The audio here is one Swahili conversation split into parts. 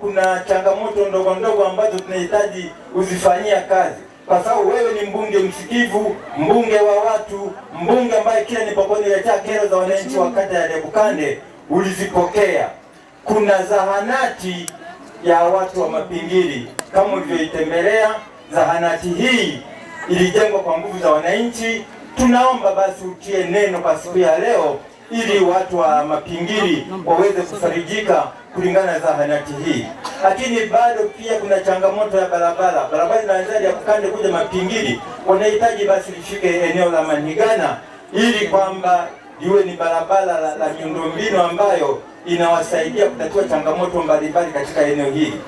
Kuna changamoto ndogo ndogo ambazo tunahitaji uzifanyia kazi, kwa sababu wewe ni mbunge msikivu, mbunge wa watu, mbunge ambaye kila nilipokuletea kero za wananchi wa kata ya debukande ulizipokea. Kuna zahanati ya watu wa Mapingili kama ulivyoitembelea. Zahanati hii ilijengwa kwa nguvu za wananchi. Tunaomba basi utie neno kwa siku ya leo ili watu wa Mapingiri waweze kufarijika kulingana na zahanati hii. Lakini bado pia kuna changamoto ya barabara. Barabara inaanzia ya kukande kuja Mapingiri, wanahitaji basi lifike eneo la Manigana ili kwamba iwe ni barabara la, la miundombinu ambayo inawasaidia kutatua changamoto mbalimbali katika eneo hili.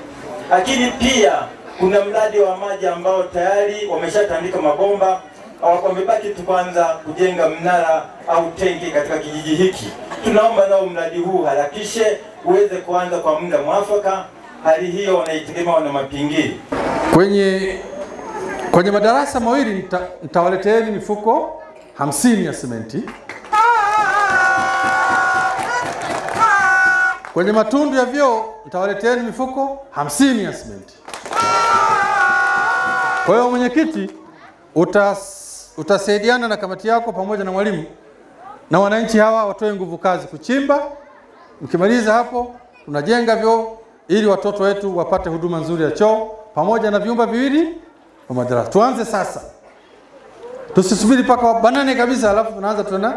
Lakini pia kuna mradi wa maji ambao tayari wameshatandika mabomba wamebaki tu kwanza kujenga mnara au tenki katika kijiji hiki. Tunaomba nao mradi huu harakishe uweze kuanza kwa muda mwafaka. Hali hiyo wanaitegemea wana Mapingili kwenye kwenye madarasa mawili nitawaleteeni mifuko hamsini ya simenti. Kwenye matundu ya vyoo nitawaleteeni mifuko hamsini ya simenti. Kwa hiyo mwenyekiti utas utasaidiana na kamati yako pamoja na mwalimu na wananchi hawa watoe nguvu kazi kuchimba. Mkimaliza hapo, tunajenga vyoo ili watoto wetu wapate huduma nzuri ya choo pamoja na vyumba viwili vya madarasa. Tuanze sasa, tusisubiri mpaka banane kabisa, alafu tunaanza tena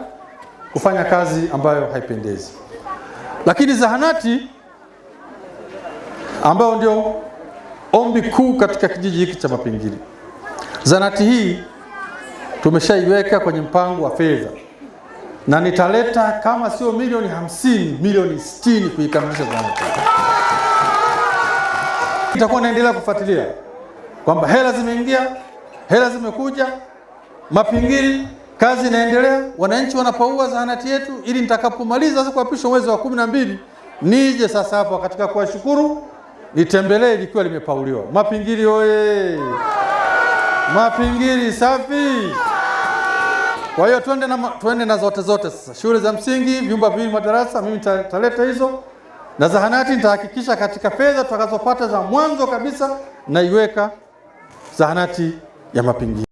kufanya kazi ambayo haipendezi. Lakini zahanati ambayo ndio ombi kuu katika kijiji hiki cha Mapingili, zahanati hii tumeshaiweka kwenye mpango wa fedha na nitaleta kama sio milioni hamsini milioni sitini kuikamilisha. Itakuwa naendelea kufuatilia kwamba hela zimeingia, hela zimekuja, mapingili, kazi inaendelea, wananchi wanapaua zahanati yetu, ili nitakapomaliza sasa kuapishwa mwezi wa kumi na mbili nije sasa hapo katika kuwashukuru nitembelee likiwa limepauliwa. Mapingili oye! Mapingili safi! Kwa hiyo tuende na, tuende na zote zote sasa. Shule za msingi vyumba viwili madarasa, mimi nitaleta hizo na zahanati nitahakikisha katika fedha tutakazopata za mwanzo kabisa naiweka zahanati ya Mapingio.